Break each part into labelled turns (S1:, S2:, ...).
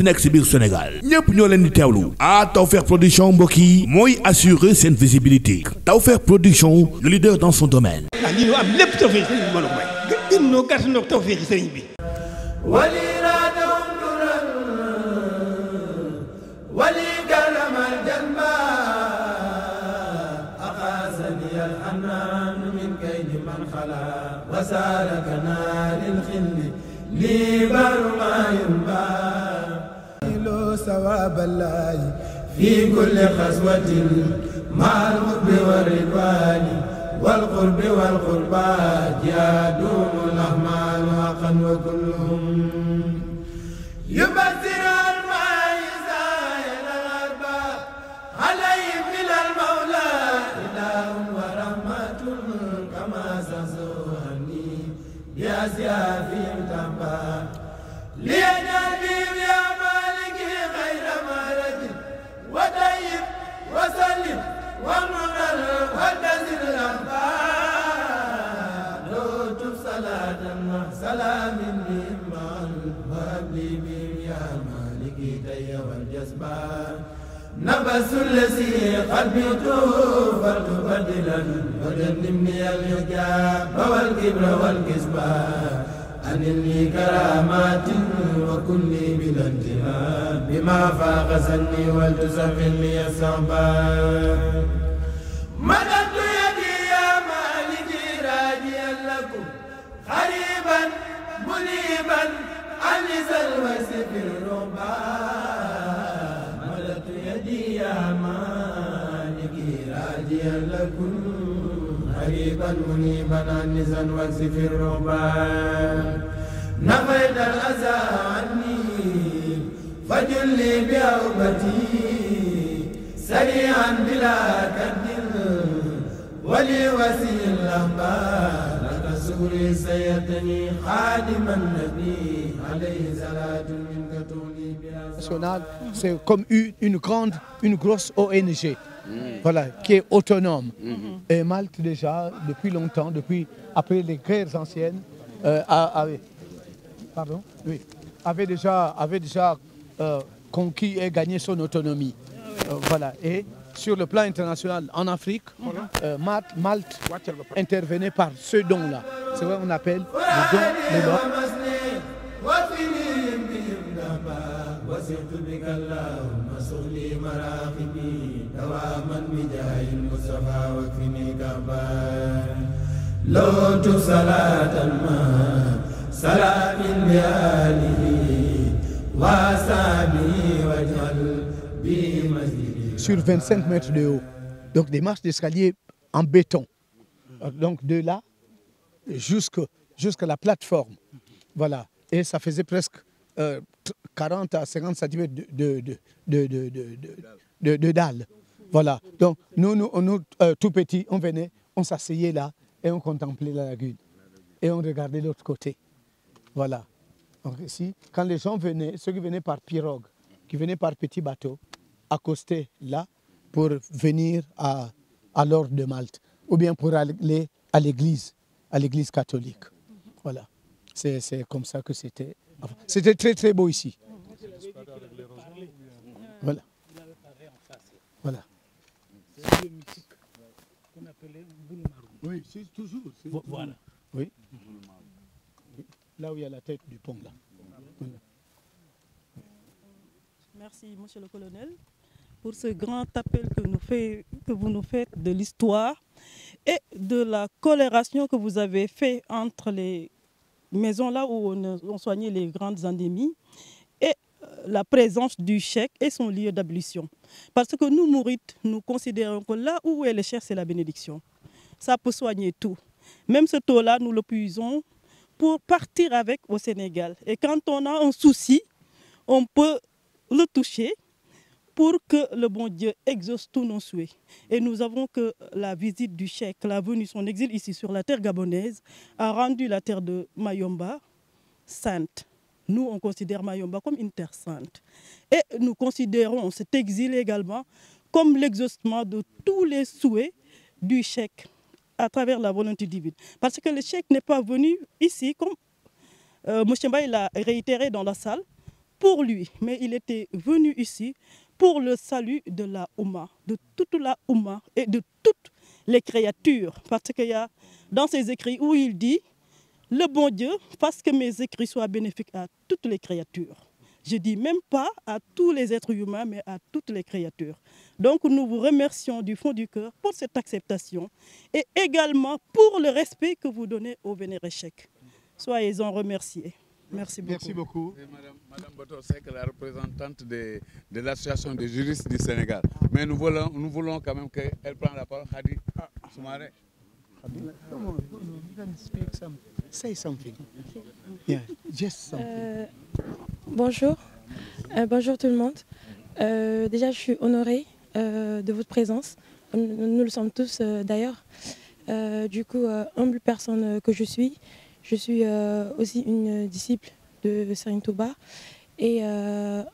S1: munti nekk si biir Sénégal ñépp ñoo leen di teewlu ah Tawfekh production mbokk yi mooy assurer seen visibilité Tawfekh production le leader dans son domaine. ah lii ñu am lépp Tawfekh a may.
S2: gën noo gàtt noo Tawfekh sëriñ bi. wasaare kanaa lil li lii ثواب الله في كل خزوة مع الحب والرضوان والقرب والقربات يدوم الأعمال حقا وكلهم يبذر المعز إلى الأرباب عليهم من المولى إله ورحمة كما سأزورني بأسيافهم تنبأ ليجعل الأسباب نبس الذي قلبته فلتبدلا وجنبني الحجاب والكبر والكسبان أن لي كرامات وكل بلا انتهاء بما فاق سني ولتسفل لي الصعبان مددت يدي يا مالكي راجيا لكم خريبا منيبا عن سلوى سفر راجيا لكن غريبا منيبا عنزا واكسف الرهبان نفيت الأذى عني فجل لي بأوبتي سريعا بلا كد ولي وسيل الأخبار لك سوري سيتني خادما النبي عليه صلاة منك تؤمن
S3: nationale, c'est comme une grande, une grosse ONG. Voilà, qui est autonome. Mhm. Et Malte déjà, depuis longtemps, depuis après les guerres anciennes, euh, avait, pardon, oui, avait déjà, avait déjà euh, conquis et gagné son autonomie. Euh, voilà. Et sur le plan international, en Afrique, mhm. euh, Malte, Malte intervenait par ce don-là. C'est vrai on appelle le don de
S2: l'homme. اللهم سهلي مراقبي دواما بجاه
S4: المصطفى واكفني كربان
S2: لوت صلاة ما سلام بآله وأصحابه واجعل بي مزيد
S3: Sur 25 mètres de haut. Donc des marches d'escalier en béton. Euh, donc de là jusqu'à jusqu la plateforme. Voilà. Et ça faisait presque euh, 40 à de, dalles. Voilà. Donc, nous, nous, nous euh, tout petits, on venait, s'asseyait là et on contemplait la lagune. Et on regardait l'autre côté. Voilà. quand les gens venaient, ceux qui venaient par pirogue, qui venaient par petit bateau, accostaient là pour venir à, à l'ordre de Malte ou bien pour aller à l'église, à l'église catholique. Voilà. comme ça c'était. très beau ici. Oui,
S5: monsieur le colonel, pour ce grand appel que, nous fait, que vous nous faites de l'histoire et de la colération que vous avez fait entre les maisons là où on, on les grandes endémies la présence du chèque et son lieu d'ablution. Parce que nous, mourites, nous considérons que là où est le chèque, c'est la bénédiction. Ça peut soigner tout. Même ce taux-là, nous le puisons pour partir avec au Sénégal. Et quand on a un souci, on peut le toucher pour que le bon Dieu exauce tous nos souhaits. Et nous avons que la visite du chèque, la venue, son exil ici sur la terre gabonaise, a rendu la terre de Mayomba sainte. Nous, on considère Mayomba comme une terre sainte. Et nous considérons cet exil également comme l'exhaustion de tous les souhaits du chèque à travers la volonté divine. Parce que le chèque n'est pas venu ici, comme monsieur Mouchemba l'a réitéré dans la salle, pour lui, mais il était venu ici pour le salut de la Ouma, de toute la Ouma et de toutes les créatures. Parce qu'il y a dans ses écrits où il dit le bon Dieu fasse que mes écrits soient bénéfiques à toutes les créatures. Je dis même pas à tous les êtres humains, mais à toutes les créatures. Donc nous vous remercions du fond du cœur pour cette acceptation et également pour le respect que vous donnez au Vénéré Chèque. Soyez-en remerciés. Merci beaucoup. Merci beaucoup. Et Madame,
S6: Madame Boto, c'est la représentante de, de l'association des Mais nous voulons, qu'elle prenne la parole. Khadi Soumaré.
S3: Come on, you can speak some, say something. Yeah,
S5: just something. Euh, bonjour. Euh, bonjour tout le monde. Euh, déjà, je suis honorée euh, de votre présence. Nous, nous le sommes tous euh, d'ailleurs. Euh, du coup, humble personne que je suis, je suis aussi une disciple de Serine Touba. Et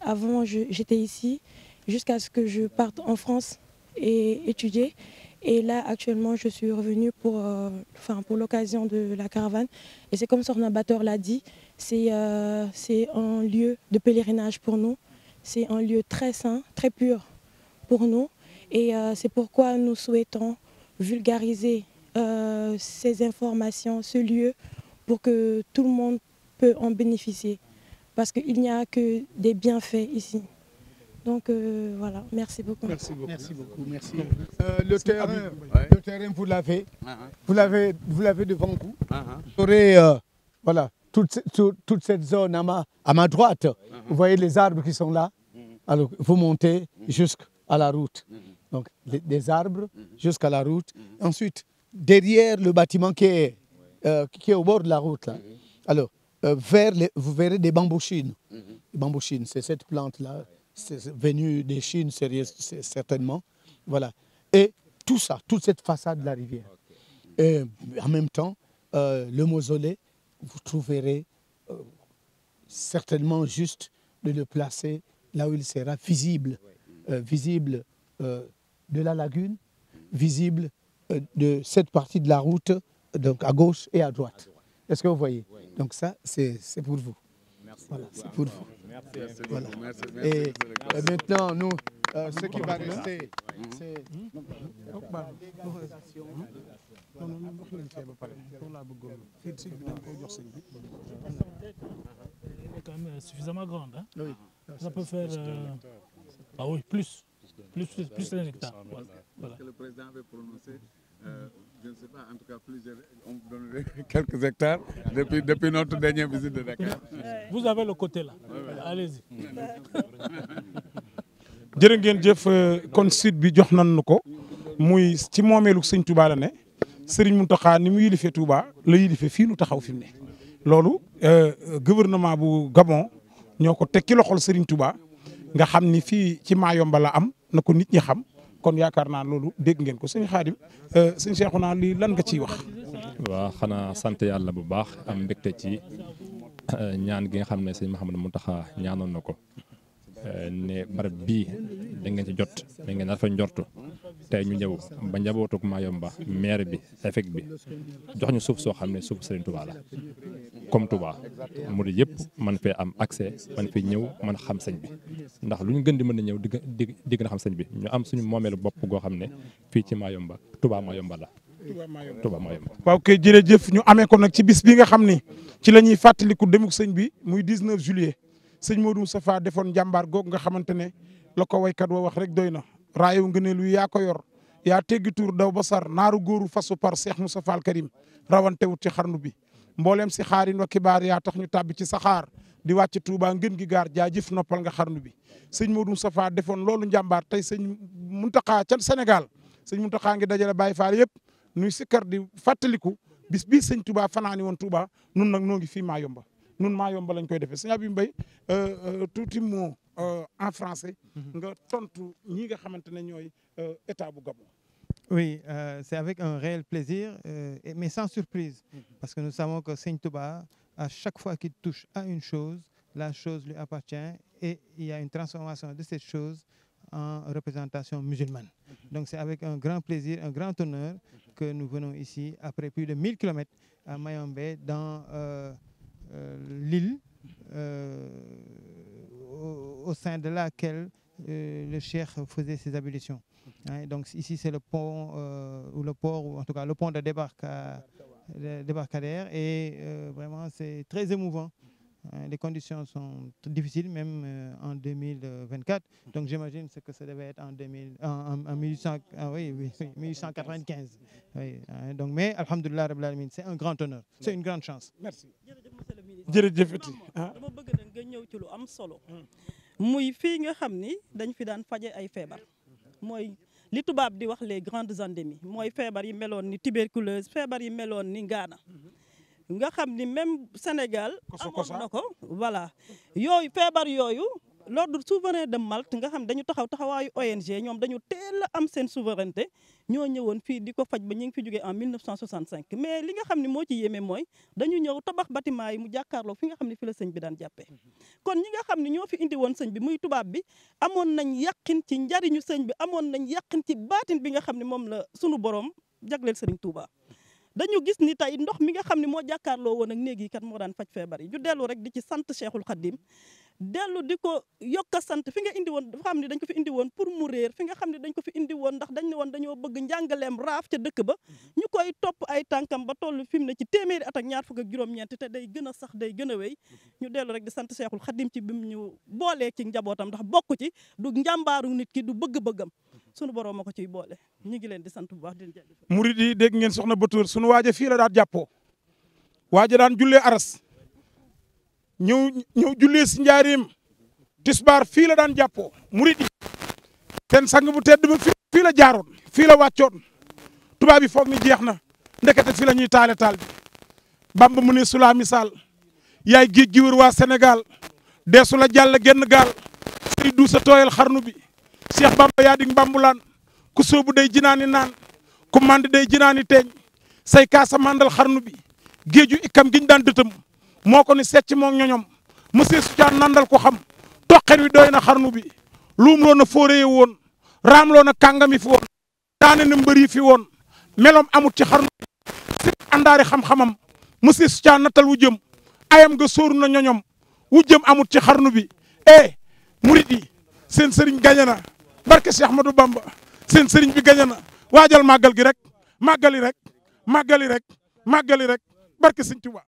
S5: avant, j'étais ici jusqu'à ce que je parte en France et étudier. Et là, actuellement, je suis revenue pour, euh, enfin, pour l'occasion de la caravane. Et c'est comme Sornabator l'a dit, c'est euh, un lieu de pèlerinage pour nous. C'est un lieu très sain, très pur pour nous. Et euh, c'est pourquoi nous souhaitons vulgariser euh, ces informations, ce lieu, pour que tout le monde peut en bénéficier. Parce qu'il n'y a que des bienfaits ici. Donc euh, voilà, merci beaucoup.
S3: Merci beaucoup. Merci beaucoup. Merci. Euh, le, terrain, ah oui. le ah, ah. vous l'avez. devant vous. Uh toute, cette zone à ma, droite. Vous voyez les arbres qui sont là. Mm. vous montez mm. jusqu'à la route. Mm. Donc les, des arbres jusqu'à la route. Ensuite, derrière le bâtiment euh, qui est, au bord de la route là. Euh, vers Les bambouchines, c'est cette plante là venus de Chine, certainement. Voilà. Et tout ça, toute cette façade de la rivière. Et en même temps, euh, le mausolée, vous trouverez euh, certainement juste de le placer là où il sera visible, euh, visible euh, de la lagune, visible euh, de cette partie de la route, donc à gauche et à droite. Est-ce que vous voyez Donc ça, c'est pour c'est pour vous.
S1: Merci, voilà. merci,
S6: merci, et euh, maintenant, nous, euh, ce qui va rester, mhm. c'est
S2: quand même suffisamment grande. Hein? Oui. Ça peut faire... Euh... Ah oui, plus. Plus, plus, plus d'un hectare. Voilà.
S6: Parce que le président avait prononcé euh, je ne sais pas, en tout cas, plusieurs, on me donnerait quelques hectares depuis, depuis notre dernière visite de Dakar.
S3: Vous avez le côté là. allez-y
S6: jërë jëf kon sit bi jox nañu ko muy ci moomeelu sëñ Touba la ne Serigne Mountakha ni mu yilifee Touba la yilifee fii nu taxaw fi mu ne. loolu euh, gouvernement bu Gabon ñoo ko teg ci loxol sëriñ Touba nga xam ni fii ci Mayomba la am na ko nit ñi xam kon yaakaar naa loolu dégg ngeen ko sëñ Xaadim euh, sëñ Cheikhouna lii lan nga ciy wax. waaw xanaa sant yàlla bu baax am mbégte ci Euh, ñaan gi nga xam ne ma sëñ Mouhamadou Mountakha ñaanoon na ko euh, ne barab bii da ngeen ci jot da ngeen dafa njortu tey ñu ñëw ba njabootuk Mayomba maire bi effet bi jox ñu suuf soo xam ne suuf Serigne Touba la comme Touba murid yëpp man fee am accès man fi ñëw man xam sëñ bi ndax lu ñu gën di mën a ñëw di di di xam sëñ bi ñu am suñu moomeelu bopp goo xam ne fii ci Mayomba Touba Mayomba la Touba Mayombe waaw kay jërëjëf ñu amee kon nag ci bis bi nga xam ni ci la ñuy fàttaliku demuk sëñ bi muy 19 juillet sëñ Modou Moustapha defoon jàmbaar googu nga xamante ne la ko waykat wa wax rek doy na raayu ngëneel wi yaa ko yor yaa teggi tuur daw ba sar naaru góoru fasu par Cheikh Moustapha al Karim rawante ci xarnu bi mbooleem si xaarin wa kibaar yaa tax ñu tàbbi ci saxaar di wàcc Touba ngën gi gaar jaajëf noppal nga xarnu bi sëñ Modou Moustapha defoon loolu njàmbaar tey sëñ Muntaxa ca Sénégal sëñ Muntaxa ngi dajale Baye Fall yëpp nuy sikkar di fàttaliku bis bii sëñ Touba fanaani woon Touba nun nag noo ngi fii Mayumba nun Mayumba lañ koy defee sëñ Abib Mbaye euh, euh, tuuti mot euh, en français. Mhm. nga tontu ñi nga xamante ne ñooy état bu Gabon.
S4: oui euh, c'est avec un réel plaisir euh, mais sans surprise mhm. parce que nous savons que Sëñ Touba à chaque fois qu'il touche à une chose la chose lui appartient et il y a une transformation de cette chose en représentation musulmane. Mhm. Donc c'est avec un grand plaisir, un grand honneur mhm. que nous venons ici, après plus de 1000 à Mayombe, dans euh, euh, l'île euh, au, au, sein de laquelle euh, le cheikh faisait ses ablutions. donc ici c'est le pont, euh, le port, ou en tout cas le pont de, débarca, de débarcadère, et euh, vraiment c'est très émouvant. Euh, les conditions sont difficiles, même euh, en 2024. Mmh. Donc j'imagine ce que ça devait être en, 2000, en, en, en 1800, ah oui, oui, oui, 1895. Hein, donc, mais Alhamdulillah, c'est un grand honneur, c'est une grande chance. Merci. jërëjëf iti dama
S5: bëgg nag nga ñëw ci lu am solo. Mmh. muy fii nga xam ni dañ fi daan faje ay feebar. mooy li tubaab di wax les grandes endémies mooy feebar yi meloon ni tuberculose feebar yi meloon ni ngaana. Mmh. nga xam ni même Sénégal. amoon na ko voilà. yooyu feebar yooyu. l'ordre souverain de Malte nga xam dañu taxaw taxawaayu ONG ñoom dañu teel a am seen souveraineté ñoo ñëwoon fii di ko faj ba ñu ngi fi jógee en 1965 mais li nga xam ne moo ci yéeme mooy dañu ñëw tabax bâtiment yi mu jàkkaarloo fi nga xam ne fi la sëñ bi daan jàppee. kon ñi nga xam ne ñoo fi indi woon sëñ bi muy tubaab bi amoon nañ yàqin ci njariñu sëñ bi amoon nañ yàqin ci baatin bi nga xam ne moom la sunu borom jagleel sëriñ Touba. dañu gis ni tey ndox mi nga xam ne moo jàkkaarloo woon ak néeg yi kat moo daan faj feebar yi ñu dellu rek di ci sant Cheikhul Khadim dellu di ko yokk sant fi nga indi woon dafa xam ni dañ ko fi indi woon pour mu réer fi nga xam ne dañ ko fi indi woon ndax dañ ne woon dañoo bëgg njàngaleem raaf ca dëkk ba mhm. ñu koy topp ay tànkam ba toll fi mu ne ci téeméeri at ñaar fukk ak juróom-ñeent te day gën a sax day gën a wéy mhm. ñu dellu rek di sant Cheikhul Khadim ci bi mu ñu boolee ci njabootam ndax bokk ci du njàmbaaru nit ki du bëgg-bëggam sunu borom ma ko ciy boole ñu ngi leen di sant bu baax di leen jaajëfal.
S6: murid yi dégg ngeen soxna Batour sunu waaja fii la daan jàppoo waaja daan jullee aras ñëw ñëw jullee si njaareem tisbaar fii la daan jàppoo murid yi seen sang bu tedd ba fii la jaaroon fii la wàccoon tubaab yi foog ni jeex na ndekete fii la ñuy taale taal bi bamba sulaa misaal yaay géej gi waa senegal deesu la jàll genn gaal say du sa tooyal bi Cheikh Bamba yaa di mbambulaan ku sóobu day jinaani naan ku mànd day jinaani teeñ say kaasa màndal xarnu bi géeju ikam giñ daan dëtëm moo ko ni secc moom ñoñom monsieur Soudiane nandal ko xam toqen wi doy na xarnu bi luum loo na fóoree woon raam loo na kàngami fi woon daane na mbër yi fi woon meloom amut ci xarnu bi si àndaari xam-xamam monsieur Soudiane natal wu jëm ayam nga sóoru na ñoñom wu jëm amut ci xarnu bi eh murit yi seen sëriñ gañe barke Cheikh Ahmadou Bamba seen sëriñ bi gañe na waajal màggal gi rek màggali rek màggali rek màggali rek barke Sëriñ Tuubaa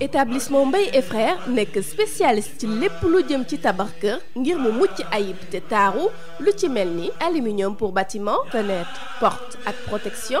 S7: établissement Mbaye et frères nekk spécialiste ci lépp lu jëm ci tabax kër ngir mu mucc ayib te taaru lu ci mel ni aluminium pour bâtiment fenêtre porte ak protection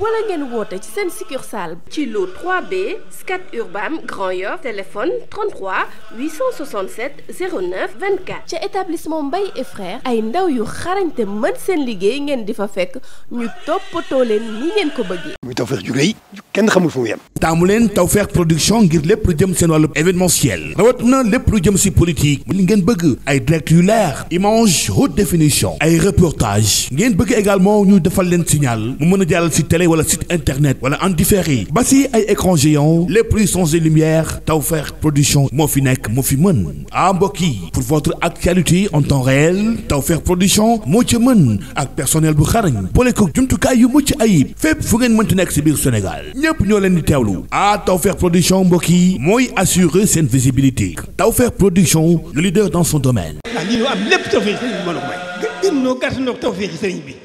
S7: wala ngeen woote ci seen succursale ci lu 3B Scat Urbam Grand Yoff téléphone 33 867 09 24 ca établissement Mbaye et frères ay ndaw yu xarañte mën seen liggéey ngeen di fa fekk ñu toppatoo leen ni ngeen ko bëggee
S1: muy Tawfekh ju rëy kenn xamul fu mu yem taamu leen Tawfekh production ngir lépp lu jëm seen wàllu événementiel rawat na lépp lu jëm si politique li ngeen bëgg ay direct yu leer image haute définition ay reportage ngeen bëgg également ñu defal leen signal mu wala site internet wala en différé ba si ay écran géant les prix sont et lumière Tawfekh production moo fi nekk moo fi mën ah mbokk yi pour votre actualité en temps réel Tawfekh production moo ci mën ak personnel bu xarañ boole ko jumtukaay yu mucc ayib fépp fu ngeen mënti nekk si biir Sénégal ñépp ñoo leen di teewlu ah Tawfekh production mbokk yi mooy assurer seen visibilité Tawfekh production le leader dans son domaine.
S2: Ah, am lépp